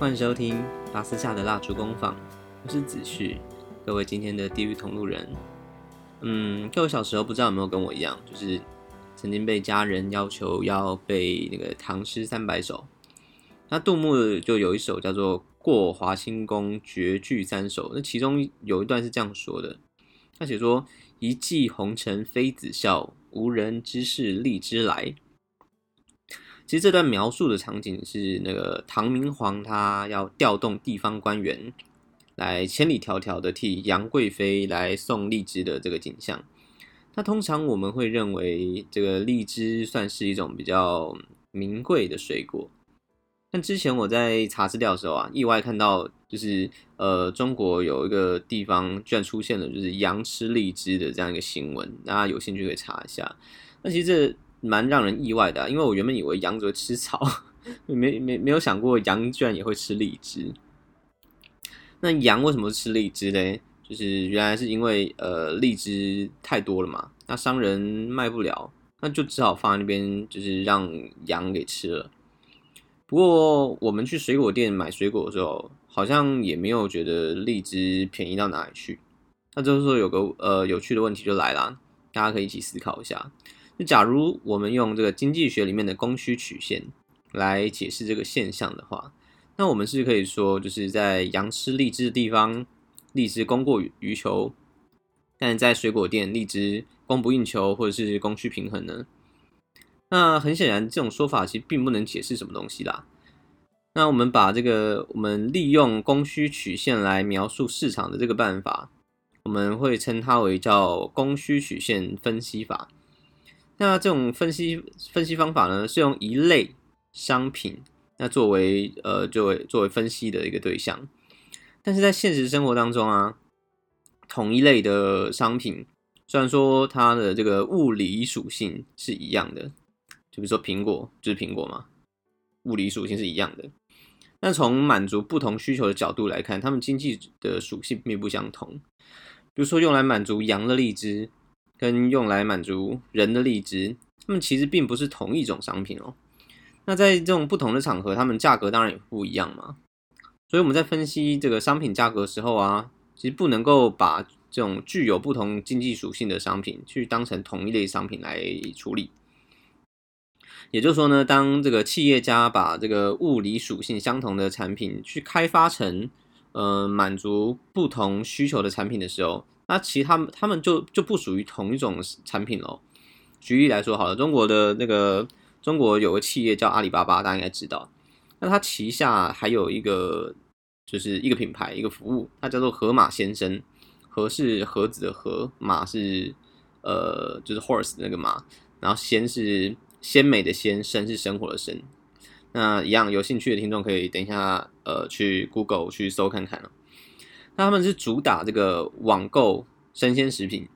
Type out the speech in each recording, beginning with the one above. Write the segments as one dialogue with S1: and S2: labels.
S1: 歡迎收聽《巴斯夏的蠟燭工坊》，我是子旭，各位今天的地獄同路人，嗯，各位小時候不知道有沒有跟我一樣，就是曾經被家人要求要背那個《唐詩三百首》。那杜牧就有一首叫做《過華清宮絕句三首》，那其中有一段是這樣說的：他寫說“一騎紅塵妃子笑，無人知是荔枝來”。其實這段描述的場景是那個唐明皇他要調動地方官員來千里迢迢的替楊貴妃來送荔枝的這個景象。那通常我們會認為這個荔枝算是一種比較名貴的水果。但之前我在查資料的時候啊，意外看到就是呃中國有一個地方居然出現了就是羊吃荔枝的這樣一個新聞，大家有興趣可以查一下。那其實這。蠻讓人意外的啊，因為我原本以為羊只會吃草，沒沒沒有想過羊居然也會吃荔枝。那羊為什麼吃荔枝呢？就是原來是因為呃荔枝太多了嘛，那商人賣不了，那就只好放在那邊，就是讓羊給吃了。不過我們去水果店買水果的時候，好像也沒有覺得荔枝便宜到哪裡去。那就是說有個呃有趣的問題就來啦，大家可以一起思考一下。假如我們用這個經濟學裡面的供需曲線來解釋這個現象的話，那我們是可以說，就是在楊吃荔枝的地方，荔枝供過於求；但在水果店，荔枝供不應求，或者是供需平衡呢？那很顯然，這種說法其實並不能解釋什麼東西啦。那我們把這個我們利用供需曲線來描述市場的這個辦法，我們會稱它為叫供需曲線分析法。那這種分析分析方法呢，是用一類商品那作為呃作為作為分析的一個對象，但是在現實生活當中啊，同一類的商品雖然說它的這個物理屬性是一樣的，就比如說蘋果就是蘋果嘛，物理屬性是一樣的。那從滿足不同需求的角度來看，它們經濟的屬性並不相同。比如說用來滿足羊的荔枝。跟用來滿足人的荔枝，它們其實並不是同一種商品哦。那在這種不同的場合，它們價格當然也不一樣嘛。所以我們在分析這個商品價格的時候啊，其實不能夠把這種具有不同經濟屬性的商品去當成同一類商品來處理。也就是說呢，當這個企業家把這個物理屬性相同的產品去開發成，呃，滿足不同需求的產品的時候。那其他們他們就就不屬於同一種產品咯。哦，舉例來說好了，中國的那個中國有個企業叫阿里巴巴，大家應該知道。那它旗下還有一個就是一個品牌一個服務，它叫做盒馬鮮生。盒是盒子的盒，馬是呃就是 horse 那個馬，然後鮮是鮮美的鮮，生是生活的生。那一樣有興趣的聽眾可以等一下呃去 Google 去搜看看。那他們是主打這個網購生鮮食品，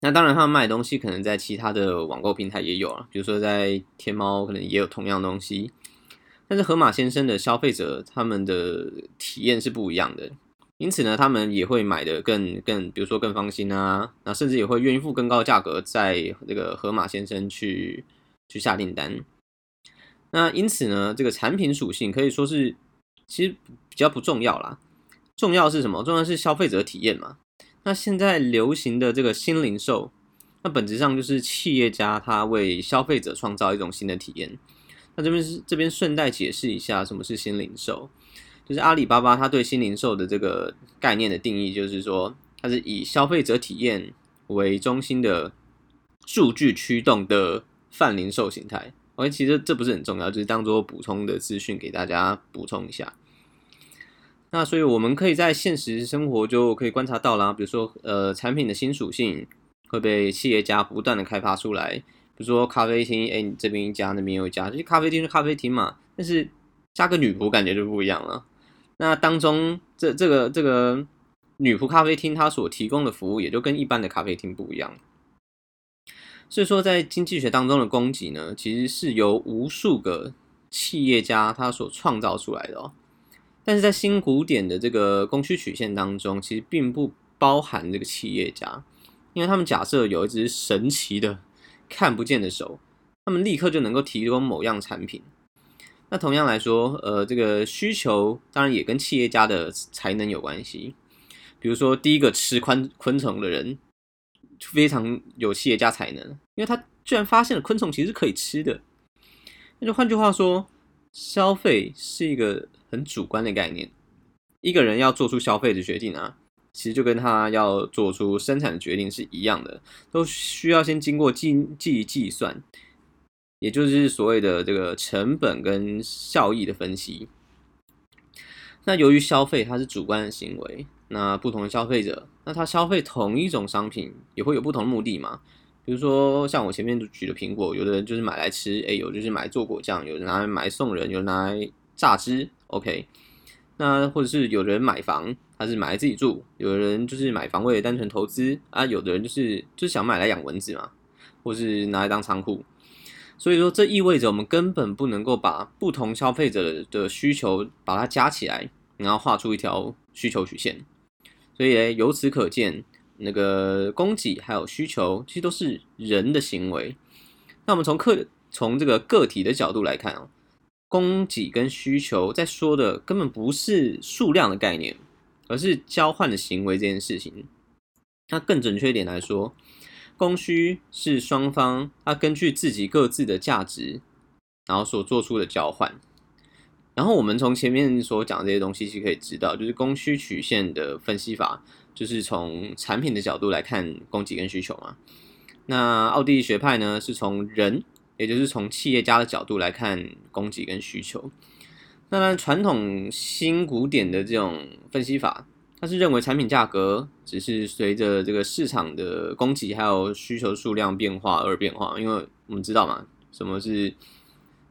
S1: 那當然他們賣的東西可能在其他的網購平台也有啊，比如說在天貓可能也有同樣東西，但是盒馬鮮生的消費者他們的體驗是不一樣的，因此呢，他們也會買得，更更，比如說更放心啊，那甚至也會願意付更高的價格在這個盒馬鮮生去去下訂單。那因此呢，這個產品屬性可以說是其實比較不重要啦。重要的是什麼？重要的是消費者體驗嘛？那現在流行的這個新零售，那本質上就是企業家他為消費者創造一種新的體驗。那這邊是這邊順帶解釋一下什麼是新零售，就是阿里巴巴它對新零售的這個概念的定義，就是說它是以消費者體驗為中心的數據驅動的泛零售形態。OK，其實這不是很重要，就是當做補充的資訊給大家補充一下。那所以，我們可以在現實生活就可以觀察到啦，比如說，呃，產品的新屬性會被企業家不斷的開發出來。比如說咖啡廳，哎、欸，你這邊一家，那邊又一家，其實咖啡廳是咖啡廳嘛，但是加個女僕感覺就不一樣了。那當中這這個這個女僕咖啡廳它所提供的服務也就跟一般的咖啡廳不一樣。所以說，在經濟學當中的供給呢，其實是由無數個企業家他所創造出來的哦。但是在新古典的這個供需曲線當中，其實並不包含這個企業家，因為他們假設有一隻神奇的看不見的手，他們立刻就能夠提供某樣產品。那同樣來說，呃，這個需求當然也跟企業家的才能有關係。比如說，第一個吃昆昆蟲的人非常有企業家才能，因為他居然發現了昆蟲其實是可以吃的。那就換句話說，消費是一個，很主觀的概念，一個人要做出消費的決定啊，其實就跟他要做出生產的決定是一樣的，都需要先經過計計計算，也就是所謂的這個成本跟效益的分析。那由於消費它是主觀的行為，那不同的消費者，那他消費同一種商品也會有不同的目的嘛。比如說像我前面舉的蘋果，有的人就是買來吃，哎，有的人就是買來做果醬，有拿來買送人，有拿來榨汁。OK，那或者是有人買房，他是買來自己住；有的人就是買房為了單純投資啊；有的人就是，就是想買來養蚊子嘛，或是拿來當倉庫。所以說，這意味着我們根本不能夠把不同消費者的需求把它加起來，然後畫出一條需求曲線。所以由此可見，那個供給還有需求其實都是人的行為。那我們從個從這個個體的角度來看啊、哦。供給跟需求在說的根本不是數量的概念，而是交換的行為這件事情。那更準確一點來說，供需是雙方它根據自己各自的價值，然後所做出的交換。然後我們從前面所講的這些東西是可以知道，就是供需曲線的分析法，就是從產品的角度來看供給跟需求嘛。那奧地利學派呢，是從人。也就是從企業家的角度來看，供給跟需求。那當然傳統新古典的這種分析法，它是認為產品價格只是隨着這個市場的供給還有需求數量變化而，而變化。因為我們知道嘛，什麼是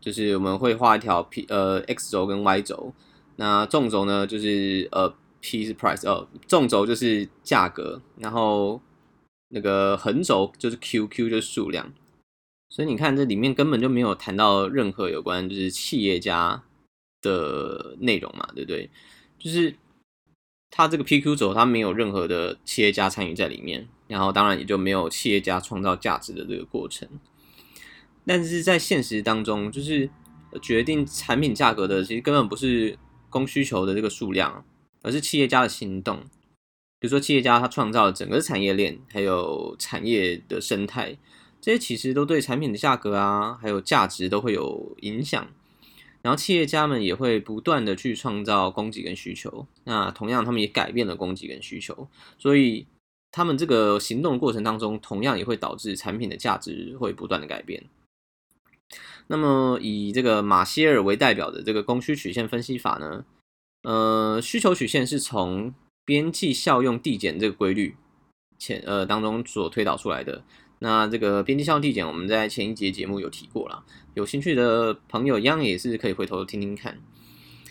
S1: 就是我們會畫一條 P 呃 X 軸跟 Y 軸，那縱軸呢就是呃 P 是 price of、哦、縱軸就是價格，然後那個橫軸就是 QQ 就是數量。所以你看，這裡面根本就沒有談到任何有關就是企業家的內容嘛，對不對？就是他這個 PQ 軸，他沒有任何的企業家參與在裡面，然後當然也就沒有企業家創造價值的這個過程。但是在現實當中，就是決定產品價格的，其實根本不是供需求的這個數量，而是企業家的行動。比如說，企業家他創造了整個產業鏈，還有產業的生態。這些其實都對產品的價格啊，還有價值都會有影響。然後企業家們也會不斷的去創造供給跟需求。那同樣，他們也改變了供給跟需求，所以他們這個行動的過程當中，同樣也會導致產品的價值會不斷的改變。那麼，以這個馬歇爾為代表的這個供需曲線分析法呢，呃，需求曲線是從邊際效用遞減這個規律前呃當中所推導出來的。那這個邊際效用遞減，我們在前一節節目有提過啦，有興趣的朋友一樣也是可以回頭聽聽看。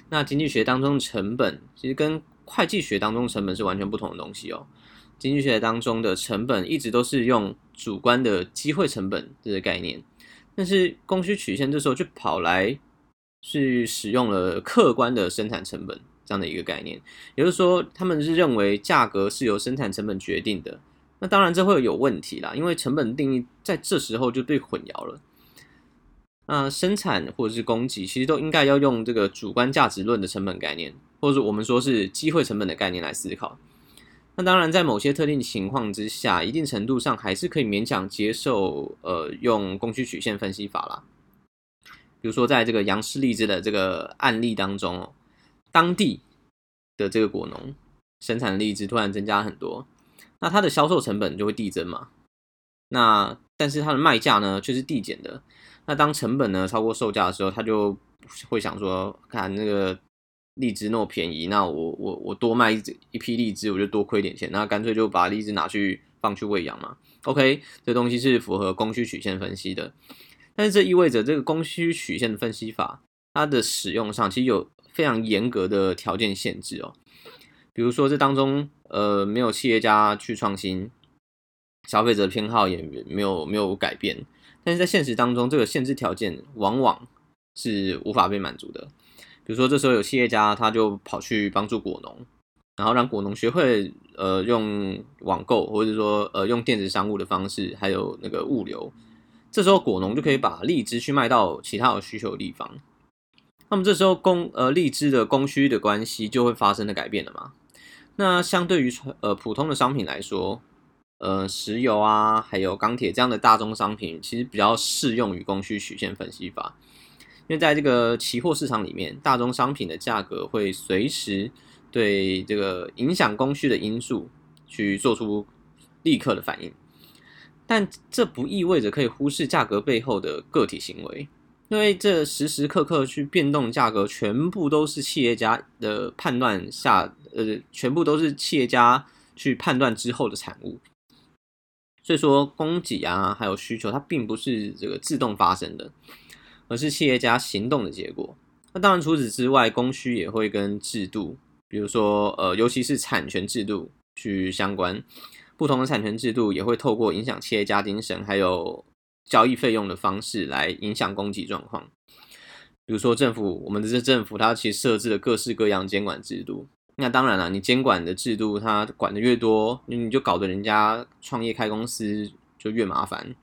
S1: 那經濟學當中成本，其實跟會計學當中成本是完全不同的東西哦。經濟學當中的成本一直都是用主觀的機會成本這個概念，但是供需曲線這時候就跑來去使用了客觀的生產成本這樣的一個概念，也就是說，他們是認為價格是由生產成本決定的。那當然，這會有問題啦，因為成本定義在這時候就被混淆了。那生產或者是供給，其實都應該要用這個主觀價值論的成本概念，或者我們說是機會成本的概念來思考。那當然，在某些特定情況之下，一定程度上還是可以勉強接受，呃，用供需曲線分析法啦。比如說，在這個楊氏荔枝的這個案例當中，當地的這個果農生產的荔枝突然增加很多。那它的銷售成本就會遞增嘛？那但是它的賣價呢卻是遞減的。那當成本呢超過售價的時候，它就會想說：看那個荔枝那麼便宜，那我我我多賣一一批荔枝，我就多虧點錢。那乾脆就把荔枝拿去放去餵羊嘛。OK，這東西是符合供需曲線分析的。但是這意味着這個供需曲線的分析法，它的使用上其實有非常嚴格的條件限制哦。比如說這當中。呃，沒有企業家去創新，消費者的偏好也，也沒有沒有改變。但是在現實當中，這個限制條件往往是無法被滿足的。比如說，這時候有企業家他就跑去幫助果農，然後讓果農學會呃用網購，或者說呃用電子商務的方式，還有那個物流，這時候果農就可以把荔枝去賣到其他有需求的地方，那麼這時候供呃荔枝的供需的關係就會發生了改變了嘛？那相對於呃普通的商品來說，呃石油啊，還有鋼鐵這樣的大宗商品，其實比較適用於供需曲線分析法，因為在這個期貨市場裡面，大宗商品的價格會隨時對這個影響供需的因素去做出立刻的反應，但這不意味着可以忽視價格背後的個體行為。因為這時時刻刻去變動價格，全部都是企業家的判斷下，呃，全部都是企業家去判斷之後的產物。所以說，供給啊，還有需求，它並不是這個自動發生的，而是企業家行動的結果。那當然，除此之外，供需也會跟制度，比如說，呃，尤其是產權制度去相關。不同的產權制度也會透過影響企業家精神，還有。交易費用的方式來影響供給狀況，比如說政府，我們的這政府它其實設置了各式各樣監管制度。那當然了，啊，你監管的制度它管得越多，你就搞得人家創業開公司就越麻煩。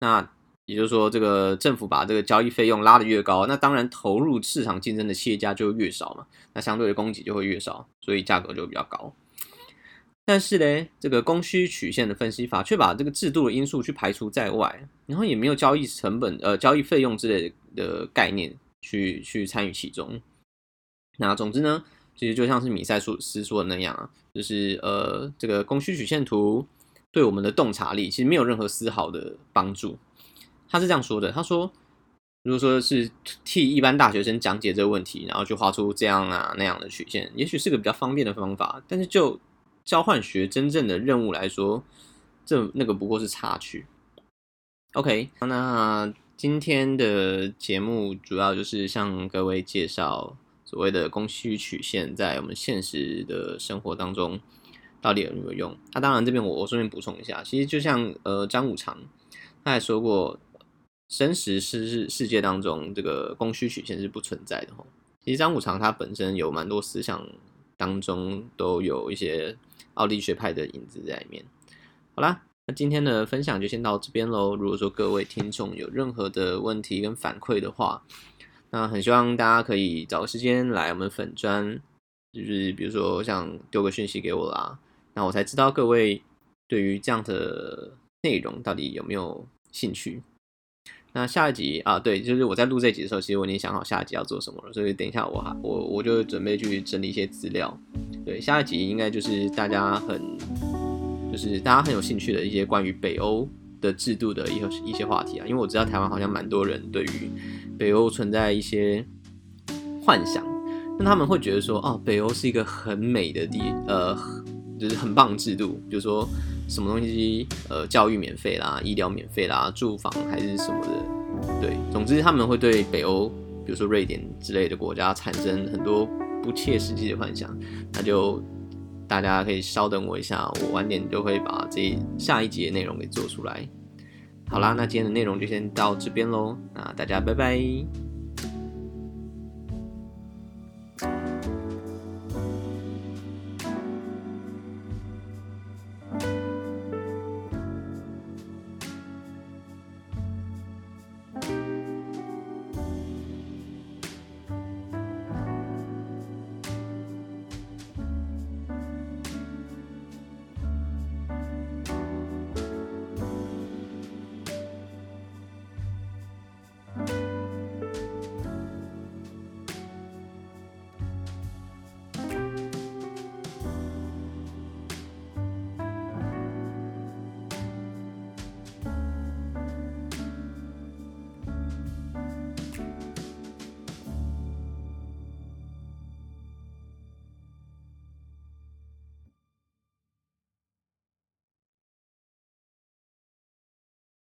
S1: 那也就是說，這個政府把這個交易費用拉得越高，那當然投入市場競爭的企業家就越少嘛，那相對的供給就會越少，所以價格就比較高。但是勒，這個供需曲線的分析法卻把這個制度的因素去排除在外，然後也沒有交易成本、呃交易費用之類的的概念去去參與其中。那總之呢，其實就像是米塞斯說的那樣就是呃，這個供需曲線圖對我們的洞察力其實沒有任何絲毫的幫助。他是這樣說的：他說，如果說是替一般大學生講解這個問題，然後就畫出這樣啊那樣的曲線，也許是個比較方便的方法，但是就。交換學真正的任務來說，這那個不過是插曲。OK，那今天的節目主要就是向各位介紹所謂的供需曲線在我們現實的生活當中到底有沒有用。那、啊、當然，這邊我我順便補充一下，其實就像呃張五常他還說過，真實世世界當中這個供需曲線是不存在的哈。其實張五常他本身有蠻多思想當中都有一些。奧地利學派的影子在裡面。好啦，那今天的分享就先到這邊嘍。如果說各位聽眾有任何的問題跟反饋的話，那很希望大家可以找個時間來我們粉專，就是比如說像丟個訊息給我啦，那我才知道各位對於這樣的內容到底有沒有興趣。那下一集啊，對，就是我在錄這集的時候，其實我已經想好下一集要做什麼了，所以等一下我還我我就準備去整理一些資料。對，下一集應該就是大家很就是大家很有興趣的一些關於北歐的制度的一些一些話題啊，因為我知道台灣好像蠻多人對於北歐存在一些幻想，那他們會覺得說哦，北歐是一個很美的地呃。就是很棒的制度，就是說什麼東西，呃，教育免費啦，醫療免費啦，住房還是什麼的，對，總之他們會對北歐，比如說瑞典之類的國家產生很多不切實際的幻想。那就大家可以稍等我一下，我晚點就會把這下一集的內容給做出來。好啦，那今天的內容就先到這邊嘍，那大家拜拜。